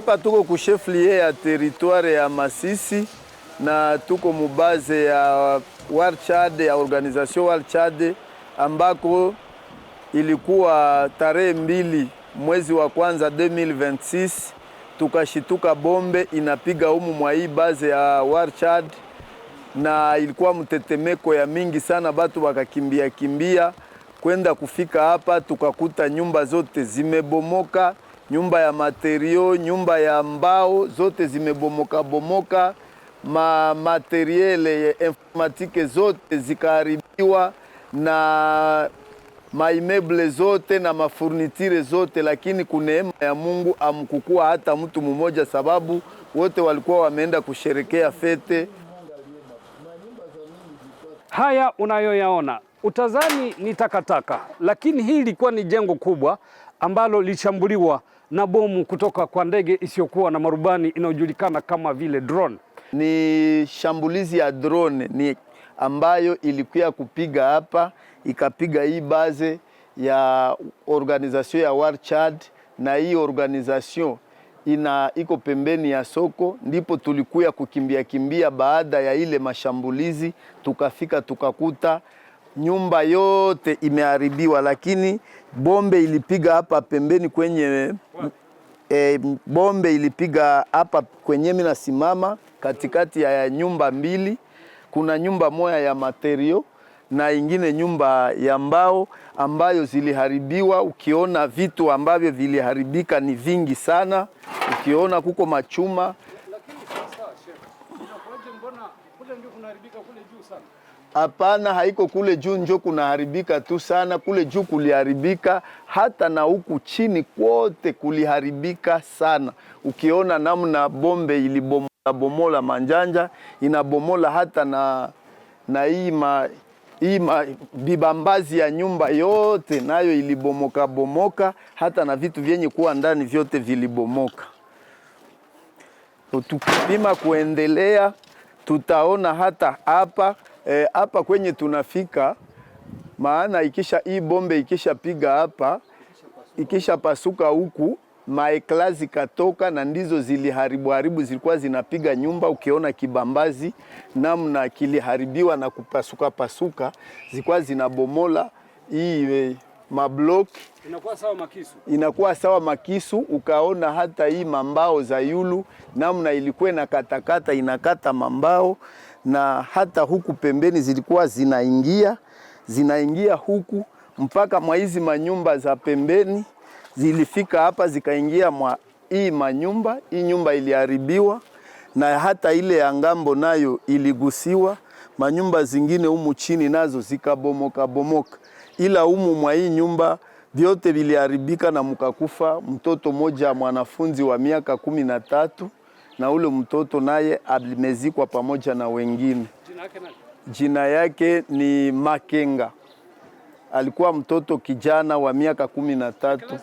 Hapa tuko kusheflie ya teritware ya Masisi na tuko mubaze ya Chad ya organization chad ambako ilikuwa tarehe mbili mwezi wa kwanza 2026 tukashituka bombe inapiga humu mwa hii baze ya Warchad, na ilikuwa mtetemeko ya mingi sana, batu wakakimbia kimbia kwenda kufika hapa, tukakuta nyumba zote zimebomoka nyumba ya materio, nyumba ya mbao zote zimebomoka bomoka, ma materiele ya informatike zote zikaharibiwa na maimeble zote na mafurnitire zote, lakini kuneema ya Mungu amkukua hata mtu mmoja, sababu wote walikuwa wameenda kusherekea fete. Haya unayoyaona utazani ni takataka, lakini hii ilikuwa ni jengo kubwa ambalo lilishambuliwa na bomu kutoka kwa ndege isiyokuwa na marubani inayojulikana kama vile drone. Ni shambulizi ya drone ni ambayo ilikuwa kupiga hapa ikapiga hii base ya organization ya War Child, na hii organization ina iko pembeni ya soko, ndipo tulikuya kukimbia kimbia baada ya ile mashambulizi, tukafika tukakuta nyumba yote imeharibiwa, lakini bombe ilipiga hapa pembeni kwenye e, bombe ilipiga hapa kwenye mimi nasimama katikati ya nyumba mbili. Kuna nyumba moja ya materio na ingine nyumba ya mbao ambayo ziliharibiwa. Ukiona vitu ambavyo viliharibika ni vingi sana, ukiona kuko machuma Hapana, haiko kule juu njo kunaharibika tu sana. Kule juu kuliharibika, hata na huku chini kwote kuliharibika sana. Ukiona namna bombe ilibomola manjanja, inabomola hata na na ima, ima bibambazi ya nyumba yote nayo ilibomoka bomoka, hata na vitu vyenye kuwa ndani vyote vilibomoka. Tukipima kuendelea, tutaona hata hapa E, hapa e, kwenye tunafika, maana ikisha hii bombe ikishapiga hapa ikishapasuka huku maeklazi katoka na ndizo ziliharibu haribu, zilikuwa zinapiga nyumba. Ukiona kibambazi namna kiliharibiwa na kupasuka pasuka, zilikuwa zinabomola hii e, mablok, inakuwa sawa makisu, inakuwa sawa makisu. Ukaona hata hii mambao za yulu namna ilikuwa inakatakata inakata mambao na hata huku pembeni zilikuwa zinaingia zinaingia huku mpaka mwa hizi manyumba za pembeni zilifika hapa zikaingia mwa hii manyumba. Hii nyumba iliharibiwa na hata ile ya ngambo nayo iligusiwa. Manyumba zingine humu chini nazo zikabomoka bomoka, ila humu mwa hii nyumba vyote viliharibika na mkakufa mtoto moja mwanafunzi wa miaka kumi na tatu na ule mtoto naye amezikwa pamoja na wengine. Jina yake ni Makenga, alikuwa mtoto kijana wa miaka kumi na tatu.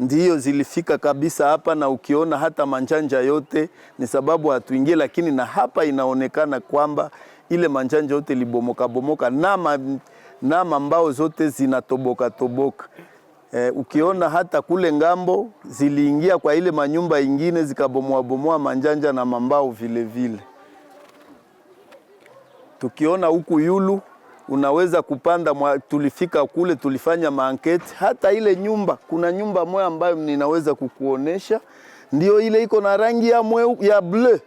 Ndiyo zilifika kabisa hapa, na ukiona hata manjanja yote ni sababu hatuingie, lakini na hapa inaonekana kwamba ile manjanja yote bomoka na, ma, na mambao zote zinatoboka toboka. Eh, ukiona hata kule ngambo ziliingia kwa ile manyumba ingine zikabomoabomoa manjanja na mambao vile vile. Tukiona huku yulu unaweza kupanda mwa, tulifika kule tulifanya maanketi hata ile nyumba, kuna nyumba moja ambayo ninaweza kukuonesha ndio ile iko na rangi ya, mwe, ya bleu.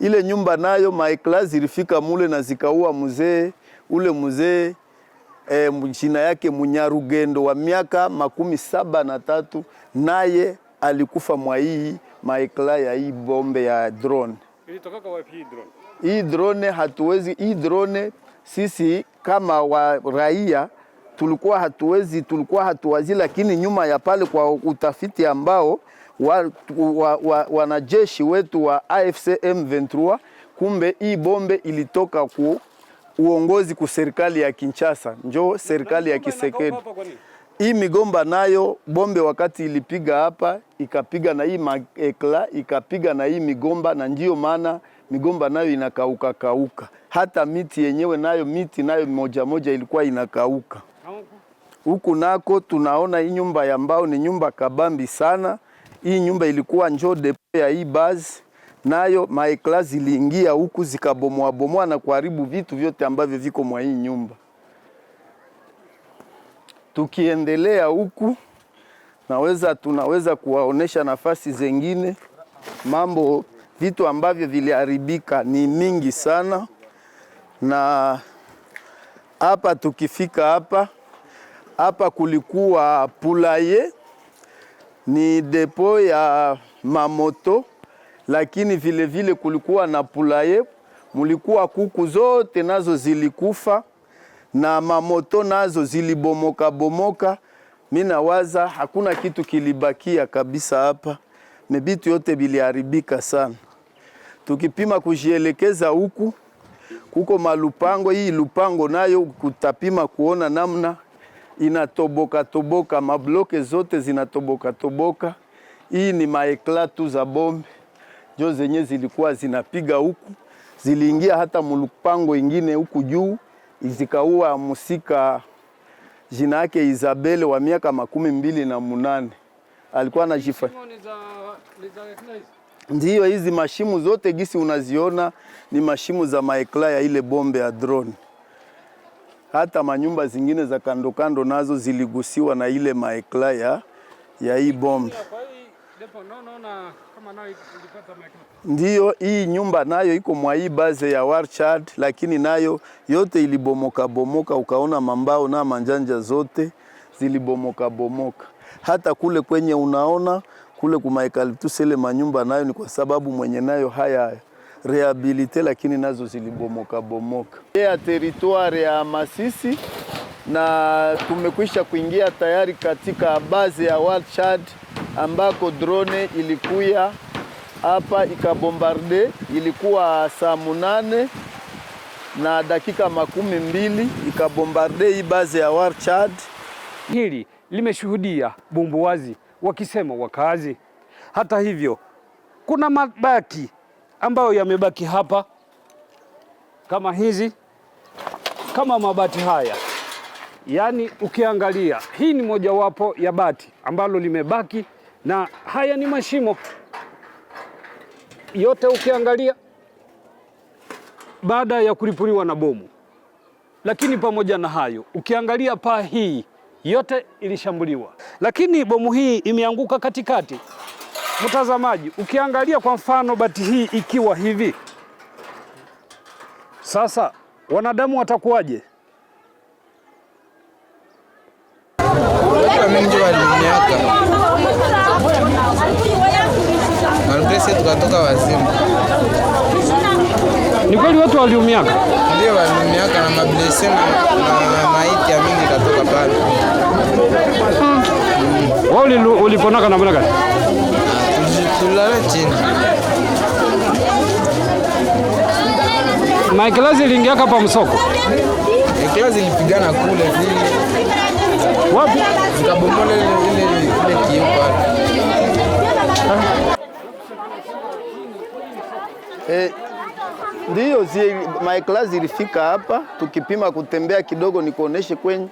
Ile nyumba nayo maekla zilifika mule na zikaua mzee ule mzee e, jina yake Munyarugendo wa miaka makumi saba na tatu naye alikufa mwa hii maekla ya hii bombe ya drone. Ilitoka wapi hii drone? Hii drone hatuwezi, hii drone sisi kama wa raia tulikuwa hatuwezi, tulikuwa hatuwazi, lakini nyuma ya pale kwa utafiti ambao wanajeshi wa, wa, wa wetu wa AFC M23 kumbe hii bombe ilitoka ku uongozi ku serikali ya Kinshasa, njoo serikali ya Kisekedi. Hii migomba nayo bombe wakati ilipiga hapa ikapiga na hii maekla ikapiga na hii migomba, na ndiyo maana migomba nayo inakauka kauka. Hata miti yenyewe nayo miti nayo moja moja ilikuwa inakauka. Huku nako tunaona hii nyumba ya mbao ni nyumba kabambi sana. Hii nyumba ilikuwa njoo depo ya hii basi nayo maekla ziliingia huku zikabomoa bomoa na kuharibu vitu vyote ambavyo viko mwa hii nyumba. Tukiendelea huku, naweza tunaweza kuwaonesha nafasi zengine, mambo vitu ambavyo viliharibika ni mingi sana, na hapa tukifika hapa hapa kulikuwa Pulaye, ni depo ya mamoto lakini vile vile kulikuwa na pulaye, mulikuwa kuku zote nazo zilikufa na mamoto nazo zilibomoka bomoka. Mina nawaza hakuna kitu kilibakia kabisa hapa, mebitu yote biliharibika sana. Tukipima kujielekeza huku kuko malupango, hii lupango nayo kutapima kuona namna inatoboka toboka, mabloke zote zinatoboka toboka. Hii ni maeklatu za bombe njo zenye zilikuwa zinapiga huku, ziliingia hata mulupango ingine huku juu, zikaua musika jina yake Isabelle wa miaka makumi mbili na munane alikuwa anajifa. Ndiyo, hizi mashimu zote gisi unaziona ni mashimu za maekla ya ile bombe ya drone. Hata manyumba zingine za kandokando nazo ziligusiwa na ile maekla ya hii bombe. Ndiyo, hii nyumba nayo iko mwai baze ya Warchard, lakini nayo yote ilibomoka bomoka, ukaona mambao na manjanja zote zilibomoka bomoka. Hata kule kwenye unaona kule kumaekaliptusele manyumba nayo ni kwa sababu mwenye nayo haya rehabilite, lakini nazo zilibomoka bomoka ya territoire ya Masisi, na tumekwisha kuingia tayari katika baze ya Warchard ambako drone ilikuya hapa ikabombarde, ilikuwa saa munane na dakika makumi mbili ikabombarde hii baze ya War Chad. Hili limeshuhudia bumbuwazi wakisema wakazi. Hata hivyo, kuna mabaki ambayo yamebaki hapa kama hizi, kama mabati haya. Yaani ukiangalia hii ni mojawapo ya bati ambalo limebaki na haya ni mashimo yote ukiangalia baada ya kulipuliwa na bomu. Lakini pamoja na hayo, ukiangalia paa hii yote ilishambuliwa, lakini bomu hii imeanguka katikati. Mtazamaji, ukiangalia kwa mfano bati hii ikiwa hivi sasa, wanadamu watakuwaje? press tukatoka wazimu. Ni kweli watu waliumiaka? Ndio waliumiaka na mablese na, na maiti ya mingi katoka pale. Mm. Wao uliponaka namna gani? Tulala chini. Na ikilazi iliingia hapa msoko. Ikilazi ilipigana kule vile. Wapi? Nikabombola ile ile ile kioo pale. Ah. Eh, ndiyo my maekla zilifika hapa, tukipima kutembea kidogo, nikuoneshe kwenye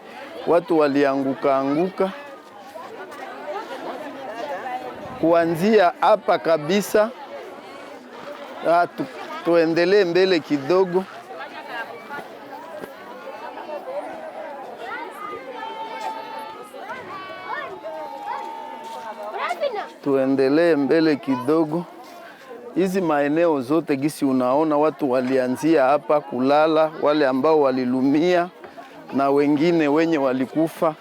watu walianguka anguka kuanzia hapa kabisa. Ah, tu, tuendelee mbele kidogo. Tuendelee mbele kidogo hizi maeneo zote gisi unaona watu walianzia hapa kulala, wale ambao walilumia na wengine wenye walikufa.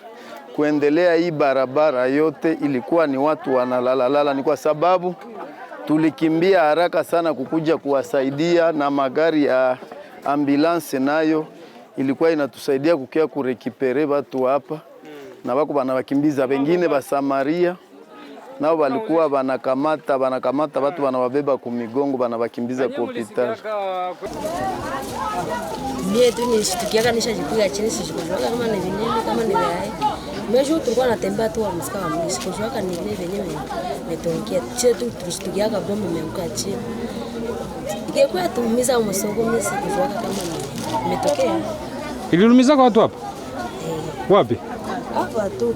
Kuendelea hii barabara yote ilikuwa ni watu wanalalalala, ni kwa sababu tulikimbia haraka sana kukuja kuwasaidia, na magari ya ambulance nayo ilikuwa inatusaidia kukia kurekipere watu hapa, na wako wanawakimbiza wengine basamaria nao walikuwa wanakamata wanakamata watu wanawabeba kumigongo wanawakimbiza ku hospitali. Mie tu nishtukiaka nishajipiga chini, sijukujuaka kama ni vinene kama ni vae mesho, tulikuwa natembea tu wamsika wamini, sikujuaka ni vile venyewe metongia chini tu, tulishtukiaka bomu imeanguka chini, ingekuwa tumiza msongo. Mimi sikujuaka kama imetokea, ililumiza kwa watu hapa wapi eh. hapa tu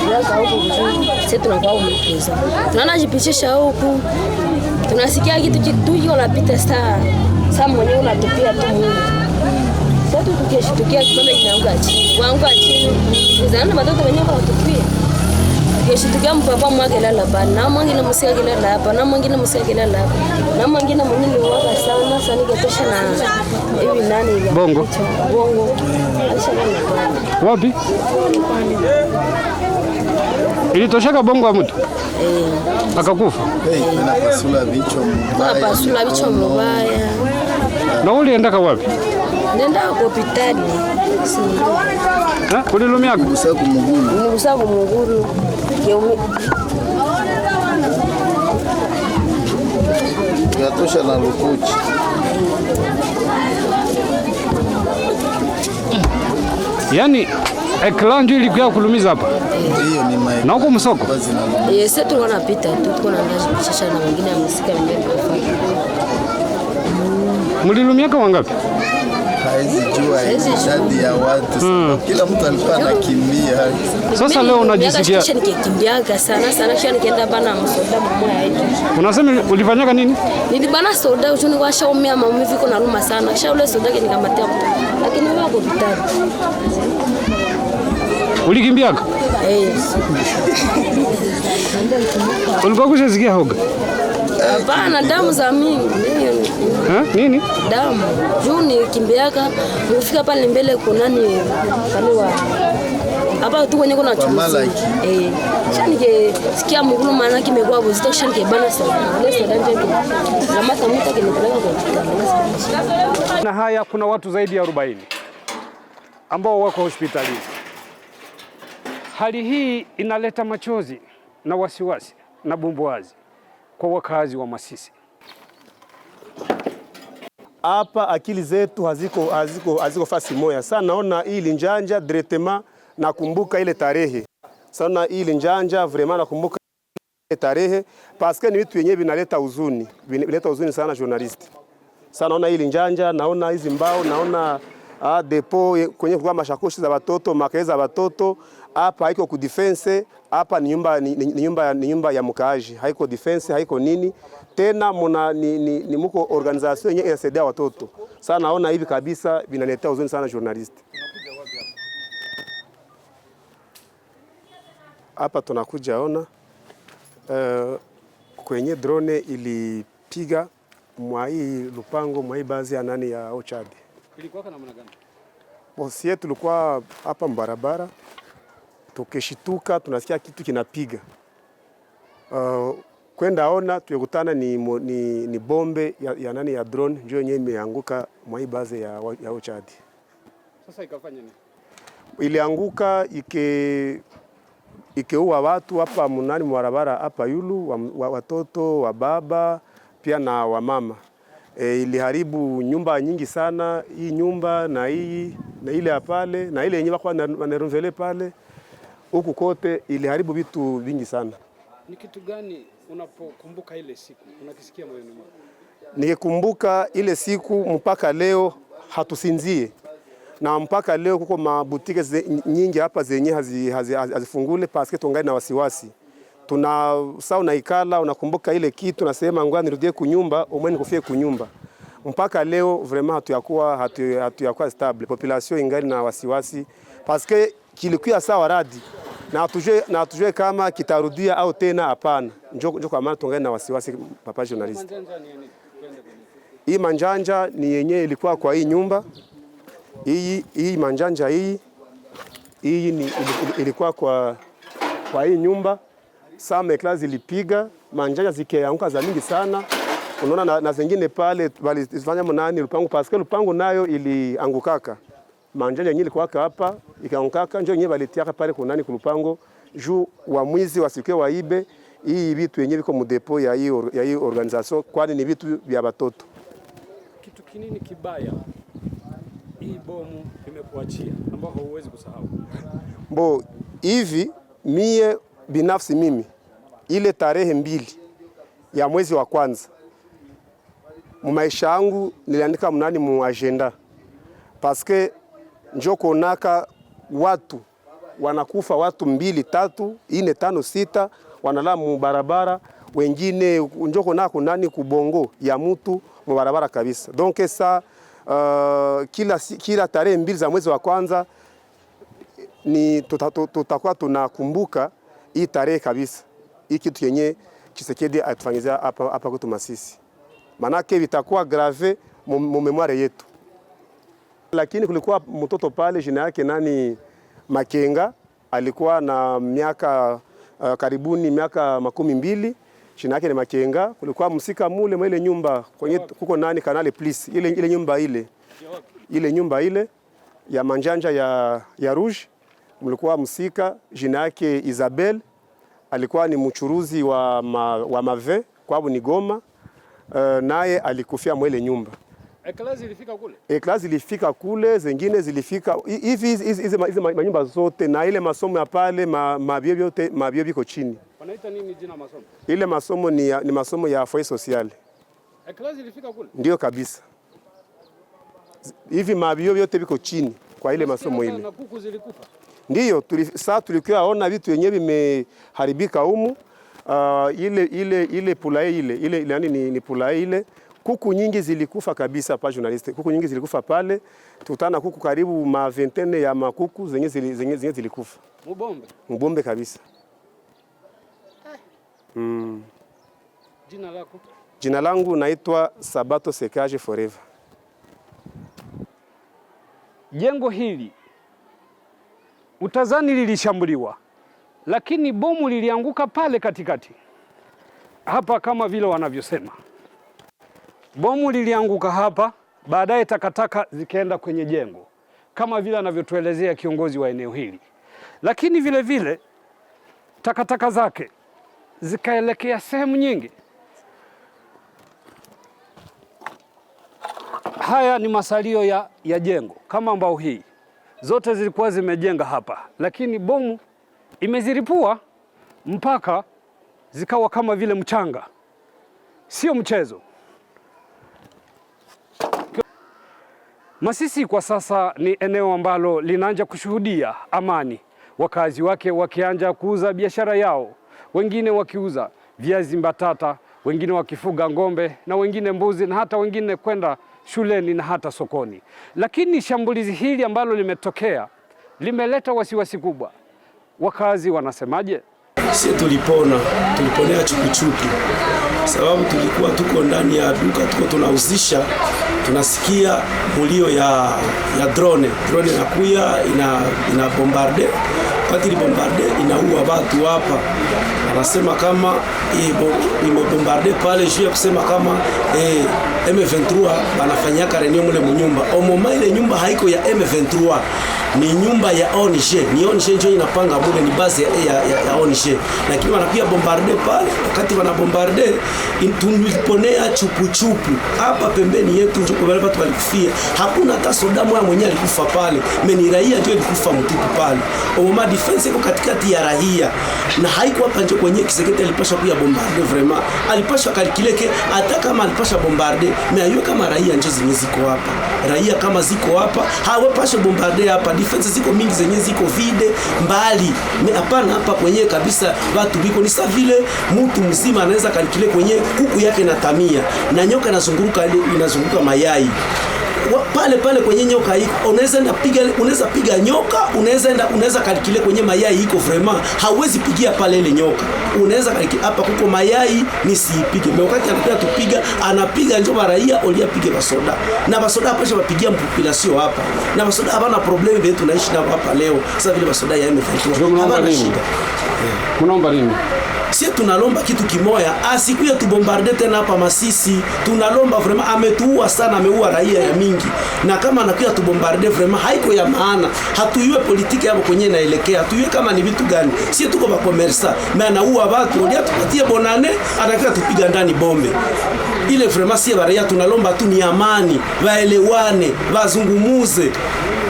Tunakaa huku vizuri, sisi tunakuwa umepesa, tunajipitisha huku, tunasikia kitu kitu unapita saa saa, mwenyewe unatupia tu Mungu. Sasa tukishtukia kikombe kinaanguka chini, kuanguka chini, uzana watoto wenyewe wanatupia yashitukia mpapa mwakelala pa na mwingine musiakelala hapa na mwingine musiakelala hapa na mwingine mwenye niwaka sana sana na hivi nani ya bongo bongo wapi ilitosheka bongo ya mtu eh, akakufa eh, vicho wapi? Nenda hospitali. kumuguru. kumuguru. Natosha na lukuchi. Yaani eklandi ilikuwa kulumiza hapa. Hiyo ni mai. Na huko msoko? Yes, eh, tulikuwa tunapita tu, na tunaenda shasha na wengine amesika mbele. Mlilumiaka wangapi? Sasa leo unajisikia unasema, ulifanyaka nini? Nilibana soda uchuni kwa shaumia maumivu iko na luma sana, kisha ule soda mtu. lakini mimi wako vitani. Ulikimbiaka? Eh. Ulikuwa kushasikia hoga? Hapana, damu za mimi. Ha? Nini? Damu. Juu ni kimbiaka nikifika pale mbele kuna nani pale hapa tu kwenye kuna chuma. Eh. Shanike sikia mguu maana kimekuwa hapo zito shanike bana sana. Leo sadanje tu. Kama samuta kinipeleka kwa Na haya kuna watu zaidi ya 40 ambao wako hospitalini. Hali hii inaleta machozi na wasiwasi na bumbuazi kwa wakazi wa Masisi. Hapa akili zetu haziko, haziko, haziko fasi moya. Sasa naona hii linjanja directement nakumbuka ile tarehe. Sana hii linjanja vraiment nakumbuka ile tarehe parce ni vitu yenyewe vinaleta huzuni. Vinaleta huzuni sana journalist. Sasa naona hii linjanja, naona hizi mbao, naona ah, depo kwenye kwa mashakoshi za watoto, makaeza za watoto, hapa haiko ku defense hapa ni nyumba, ni, ni, nyumba, ni nyumba ya mkaaji, haiko defense, haiko nini tena mna ni, ni, ni muko organization yenye inasaidia watoto sana. Naona hivi kabisa vinaletea uzuni sana journalist. Hapa tunakuja ona uh, kwenye drone ilipiga mwa hii lupango mwa hii ya nani ya Ochadi, ilikuwa namna gani? Bosi yetu tulikuwa hapa mbarabara tukishituka tunasikia kitu kinapiga uh, kwenda ona tuyekutana ni, ni, ni bombe ya, ya nani ya drone njoo yenyewe imeanguka mwa hii baze ya, ya Uchadi. Sasa ikafanya nini? Ilianguka ike ikeua watu hapa munani mwarabara hapa yulu wa, wa, watoto wa baba pia na wamama e, iliharibu nyumba nyingi sana, hii nyumba na hii na ile ya pale na ile yenyewe wako wanarumvele pale huku kote iliharibu vitu vingi sana. Ni kitu gani unapokumbuka ile siku unakisikia moyoni mwako? Nikikumbuka ile siku mpaka leo hatusinzie, na mpaka leo kuko mabutike nyingi hapa zenye hazifungule hazi, hazi paske tungali na wasiwasi. Tuna saa unaikala unakumbuka ile kitu nasema ngoja nirudie kunyumba, umwe nikufie kunyumba. Mpaka leo vraiment hatuyakuwa hatuyakuwa stable, population ingali na wasiwasi paske kilikuwa sawa radi na hatujue na hatujue kama kitarudia au tena hapana. Njoo kwa maana tuongee na wasiwasi papa journalist. Hii manjanja ni yenye ilikuwa kwa hii nyumba hii, hii manjanja hii hii ni, ilikuwa kwa, kwa hii nyumba class zilipiga manjanja zikianguka za mingi sana unaona na, na zingine pale walifanya mnani lupangu paske lupangu nayo iliangukaka manjanja yenyewe ilikuwaka hapa ikaonkaka, njo yenyewe baletiaka pale kunani kulupango, juu wa mwizi wasike waibe hii vitu yenye viko mudepo ya hii ya hii organization, kwani ni vitu vya batoto. Kitu kinini kibaya hii bomu imekuachia ambao huwezi kusahau mbo hivi. Mie binafsi mimi ile tarehe mbili ya mwezi wa kwanza mu maisha yangu niliandika mnani mu agenda que njo kuonaka watu wanakufa watu mbili tatu ine tano sita wanalala mubarabara, wengine njo kuonaka kunani kubongo ya mutu mubarabara kabisa. Donc sa uh, kila, kila tarehe mbili za mwezi wa kwanza ni tota, tutakuwa tunakumbuka hii tarehe kabisa, hii kitu yenye Chisekedi atufanyizia hapa kwetu Masisi, manake vitakuwa grave mu memoire yetu lakini kulikuwa mtoto pale, jina yake nani, Makenga, alikuwa na miaka uh, karibuni miaka makumi mbili jina yake ni Makenga. Kulikuwa msika mule mwa ile nyumba kwenye kuko nani kanale please, ile, ile nyumba ile ile nyumba ile ya manjanja ya, ya Rouge, mlikuwa msika jina yake Isabel, alikuwa ni mchuruzi wa, ma, wa mave kwabu ni Goma. Uh, naye alikufia mwele nyumba Eclairs ilifika kule, Eclairs ilifika kule, zingine zilifika hivi hizi hizi manyumba zote na ile masomo ya pale mabio yote mabio biko chini. Wanaita nini jina masomo? Ile masomo ni, ni masomo ya foyer sociale. Eclairs ilifika kule? Ndio kabisa. Hivi mabio vyote biko chini kwa ile masomo ile. Na kuku zilikufa. Ndio tuli, saa tulikuwa ona vitu yenyewe vimeharibika humu. Uh, ile ile ile pula ile ile yani ni, ni pulae ile kuku nyingi zilikufa kabisa pa journaliste, kuku nyingi zilikufa pale, tutana kuku karibu maventene ya makuku zenye zenye zenye zilikufa mbombe mbombe kabisa eh. Mm. Jina lako? Jina langu naitwa Sabato Sekaje Forever. Jengo hili utazani lilishambuliwa, lakini bomu lilianguka pale katikati hapa, kama vile wanavyosema bomu lilianguka hapa, baadaye takataka zikaenda kwenye jengo kama vile anavyotuelezea kiongozi wa eneo hili, lakini vile vile takataka zake zikaelekea sehemu nyingi. Haya ni masalio ya, ya jengo kama mbao hii zote zilikuwa zimejenga hapa, lakini bomu imeziripua mpaka zikawa kama vile mchanga. Sio mchezo. Masisi kwa sasa ni eneo ambalo linaanza kushuhudia amani, wakazi wake wakianza kuuza biashara yao, wengine wakiuza viazi mbatata, wengine wakifuga ng'ombe na wengine mbuzi, na hata wengine kwenda shuleni na hata sokoni. Lakini shambulizi hili ambalo limetokea limeleta wasiwasi kubwa. Wakazi wanasemaje? Sisi tulipona, tuliponea chukuchuku sababu tulikuwa tuko ndani ya duka tuko tunahusisha, tunasikia mulio ya, ya drone drone inakuya ina, ina bombarde wakati bombarde inaua watu hapa, anasema kama eh, imebombarde pale juu ya kusema kama eh, M23 banafanyaka renio mule munyumba omoma. Ile nyumba haiko ya M23, ni nyumba ya Onishe, ni Onishe ndio inapanga mule, ni base ya, ya, ya, ya Onishe, lakini wanapia bombarde pale. Wakati wana bombarde tuliponea chupuchupu hapa pembeni yetu, wale watu walikufia, hakuna hata soda moja mwenye alikufa pale, meni raia ndio alikufa mtupu pale omoma defense iko katikati ya rahia na haikuwa panje kwenye kisekete, alipasha kuya bombarde vraiment, alipasha kalikileke hata kama alipasha bombarde meayue kama raia njo zenye ziko hapa, raia kama ziko hapa hawapashe bombarde hapa. Defense ziko mingi zenye ziko vide mbali, me hapana hapa kwenye kabisa watu biko ni sawa vile mtu mzima anaweza kalikile kwenye kuku yake na tamia na nyoka inazunguruka inazunguka mayai pale pale kwenye nyoka iko, unaweza enda piga, unaweza piga nyoka, unaweza enda, unaweza kalikile kwenye mayai iko vraiment, hauwezi pigia pale ile nyoka, unaweza kalikile hapa kuko mayai nisiipige mimi, wakati anapiga tupiga, anapiga njoba raia olia pige basoda na basoda hapa shaba pigia sio hapa na basoda hapa na problem yetu tunaishi na hapa leo, sasa vile basoda yamefanya tunaomba nini? sie tunalomba kitu kimoya, asikuye ah, tubombarde tena hapa Masisi. Tunalomba vrema, ametuua sana, ameua raia ya mingi, na kama anakuya tubombarde vrema, haiko ya maana. Hatuyue politiki yabo kwenye naelekea, hatuyue kama ni vitu gani. Sie tuko ba komersa na anaua watu, ndio tupatie bonane, anakia tupiga ndani bombe ile vrema. Sie raia tunalomba tu ni amani, vaelewane, vazungumuze.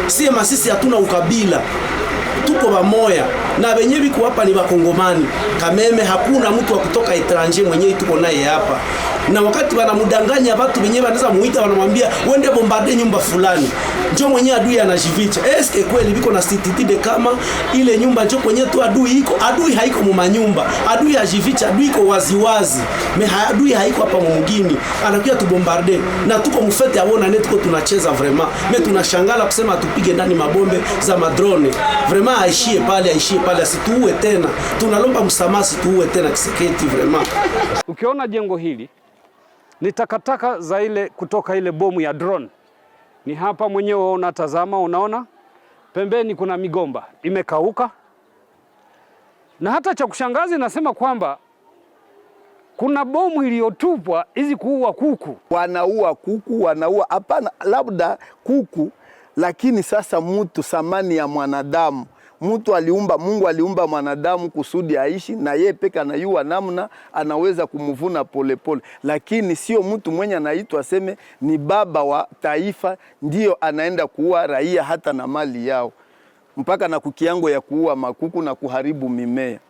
Sie Masisi hatuna ukabila tuko bamoya na benye biko hapa ni bakongomani Kameme, hakuna mtu wa kutoka etranger mwenyewe tuko naye hapa na wakati wanamdanganya watu wenyewe wanaweza muita, wanamwambia uende bombarde nyumba fulani, njoo mwenye adui anajificha. Eske kweli biko na sititide kama ile nyumba njoo kwenye tu adui iko? Adui haiko mu manyumba, adui ajificha, adui iko waziwazi me, adui haiko hapa mwingine, anakuja tu bombarde na tuko mfete aona ne tuko tunacheza vraiment me, tunashangala kusema tupige ndani mabombe za madrone vraiment, aishie pale, aishie pale, asituue tena. Tunalomba msamaha, situue tena Kiseketi vraiment. Ukiona jengo hili ni takataka za ile kutoka ile bomu ya drone. Ni hapa mwenyewe unatazama, unaona pembeni kuna migomba imekauka, na hata cha kushangaza nasema kwamba kuna bomu iliyotupwa hizi kuua kuku, wanaua kuku, wanaua hapana, labda kuku, lakini sasa mtu thamani ya mwanadamu mtu aliumba, Mungu aliumba mwanadamu kusudi aishi, na yeye peke anayua namna anaweza kumuvuna polepole pole. Lakini sio mtu mwenye anaitwa aseme ni baba wa taifa ndiyo anaenda kuua raia hata na mali yao, mpaka na kukiango ya kuua makuku na kuharibu mimea.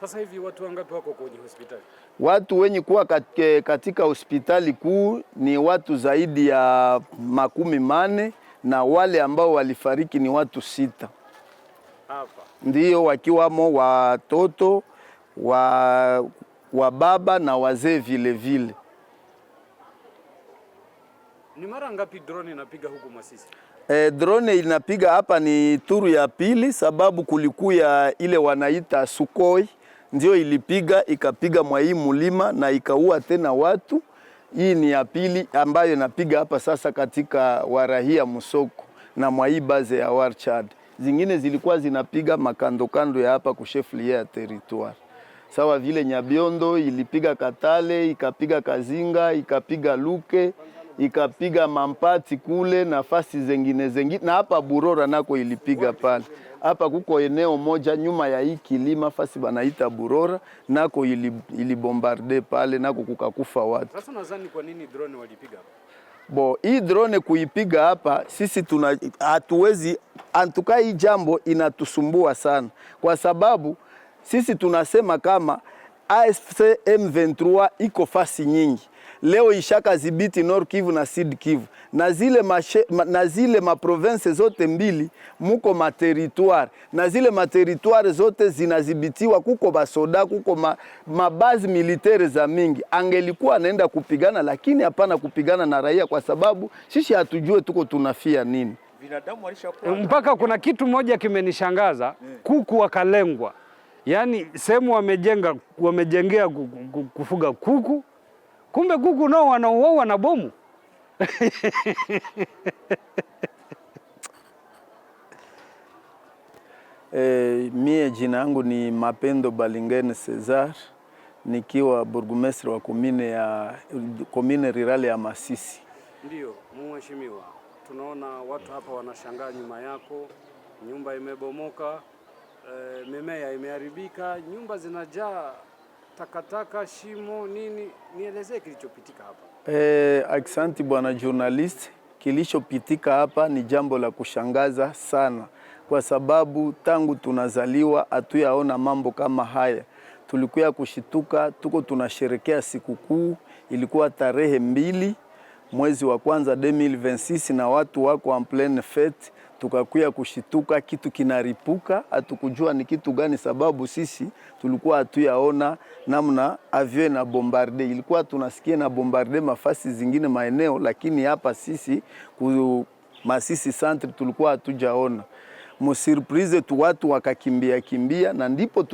Sasa hivi watu wangapi wako kwenye hospitali? Watu wenye kuwa eh, katika hospitali kuu ni watu zaidi ya makumi mane na wale ambao walifariki ni watu sita hapa, ndiyo wakiwamo watoto wa, wa baba na wazee vile vile. Ni mara ngapi drone inapiga huku Masisi? E, drone inapiga hapa ni turu ya pili, sababu kulikuya ile wanaita sukoi ndio ilipiga ikapiga mwa hii mulima na ikaua tena watu hii ni ya pili ambayo inapiga hapa sasa katika Warahia Musoko na Mwaibaze ya Warchad. Zingine zilikuwa zinapiga makandokando ya hapa kushefulia ya territoire sawa vile Nyabiondo ilipiga Katale, ikapiga Kazinga, ikapiga Luke ikapiga Mampati kule nafasi zengine zengine, na hapa Burora nako ilipiga pale. Hapa kuko eneo moja nyuma ya hii kilima fasi banaita Burora nako ilibombarde pale nako kukakufa watu. Sasa nadhani kwa nini drone walipiga hapa? Bo, hii drone kuipiga hapa sisi tuna hatuwezi antuka, hii jambo inatusumbua sana kwa sababu sisi tunasema kama AFC M23 iko fasi nyingi leo ishaka dhibiti Nord Kivu na Sud Kivu na zile, mashe, ma, na zile maprovense zote mbili muko materitware na zile materitware zote zinadhibitiwa, kuko basoda kuko ma, mabazi militaire za mingi. Angelikuwa anaenda kupigana, lakini hapana kupigana na raia, kwa sababu sisi hatujue tuko tunafia nini. Mpaka kuna kitu moja kimenishangaza, kuku wakalengwa, yaani sehemu wamejenga wamejengea kufuga kuku Kumbe kuku nao wanauaua na bomu. E, mie jina yangu ni Mapendo balingene Cesar nikiwa burgomestre wa komine ya komine rirale ya Masisi. ndio mheshimiwa, tunaona watu hapa wanashangaa, nyuma yako nyumba imebomoka, e, mimea imeharibika, nyumba zinajaa takataka, shimo nini, nielezee kilichopitika hapa. Eh, aksanti bwana journalist. Kilichopitika hapa ni jambo la kushangaza sana, kwa sababu tangu tunazaliwa hatuyaona mambo kama haya. Tulikuya kushituka, tuko tunasherekea sikukuu, ilikuwa tarehe mbili mwezi wa kwanza 2026 na watu wako en pleine fete tukakuya kushituka, kitu kinaripuka, hatukujua ni kitu gani, sababu sisi tulikuwa hatuyaona namna avyo na bombarde, ilikuwa tunasikia na bombarde mafasi zingine maeneo, lakini hapa sisi ku Masisi santri tulikuwa hatujaona msurprise tu, watu wakakimbia kimbia, na ndipo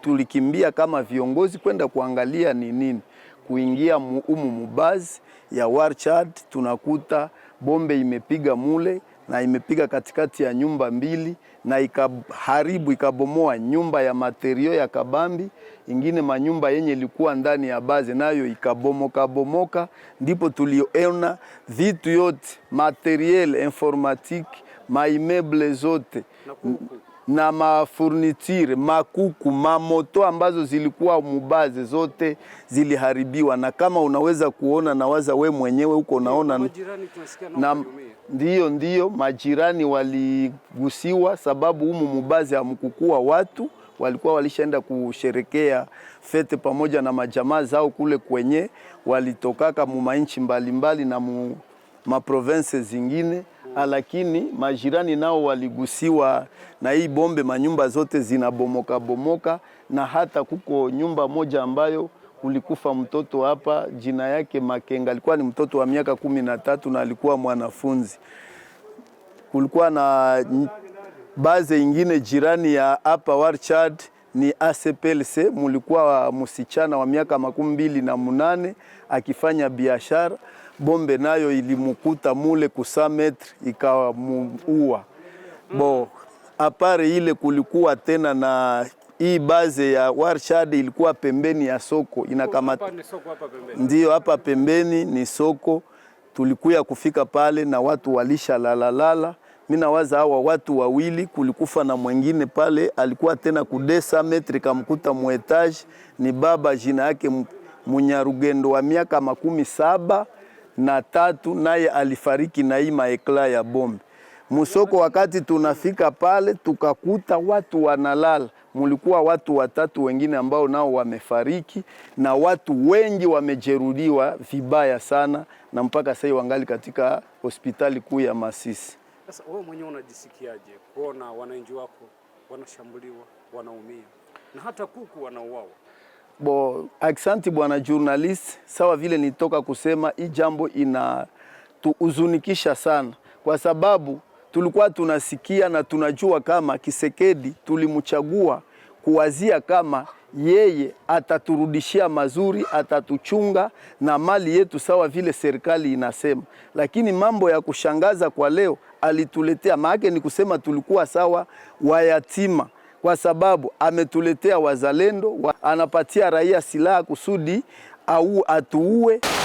tulikimbia kama viongozi kwenda kuangalia ni nini. Kuingia umu mubazi ya Warchard, tunakuta bombe imepiga mule na imepiga katikati ya nyumba mbili na ikaharibu ikabomoa nyumba ya materio ya Kabambi, ingine manyumba yenye ilikuwa ndani ya baze nayo ikabomoka bomoka. Ndipo tuliona vitu yote materiel informatique maimeble zote na na mafurnitire makuku mamoto ambazo zilikuwa mubaze zote ziliharibiwa, na kama unaweza kuona na waza we mwenyewe huko unaona na, ndiyo ndiyo majirani waligusiwa, sababu humu mubaze hamkukua watu walikuwa walishaenda kusherekea fete pamoja na majamaa zao kule kwenye walitokaka mumanchi mbalimbali na mu maprovense zingine. Ah, lakini majirani nao waligusiwa na hii bombe, manyumba zote zinabomoka bomoka, na hata kuko nyumba moja ambayo kulikufa mtoto hapa, jina yake Makenga, alikuwa ni mtoto wa miaka kumi na tatu na alikuwa mwanafunzi. Kulikuwa na baze ingine jirani ya hapa Warchad ni ACPLC, mulikuwa msichana wa miaka makumi mbili na munane akifanya biashara, bombe nayo ilimukuta mule kusa metri ikamuua. Bo apare ile kulikuwa tena na hii baze ya Warshad ilikuwa pembeni ya soko inakamata, ndio hapa pembeni ni soko. Tulikuya kufika pale na watu walisha lalalala mimi nawaza hawa watu wawili, kulikufa na mwengine pale, alikuwa tena kudesa metri, kamkuta muetage, ni baba jina yake Munyarugendo wa miaka makumi saba na tatu, naye alifariki na hii maekla ya bombe musoko. Wakati tunafika pale, tukakuta watu wanalala, mulikuwa watu watatu wengine ambao nao wamefariki na watu wengi wamejeruhiwa vibaya sana, na mpaka sasa wangali katika hospitali kuu ya Masisi. Sasa wewe mwenyewe unajisikiaje kuona wananchi wako wanashambuliwa, wanaumia na hata kuku wanauawa? Bo, aksanti bwana journalist, sawa vile nitoka kusema hii jambo inatuhuzunikisha sana, kwa sababu tulikuwa tunasikia na tunajua kama Kisekedi tulimchagua kuwazia kama yeye ataturudishia mazuri, atatuchunga na mali yetu sawa vile serikali inasema. Lakini mambo ya kushangaza kwa leo alituletea, maake ni kusema tulikuwa sawa wayatima, kwa sababu ametuletea wazalendo wa, anapatia raia silaha kusudi au atuue.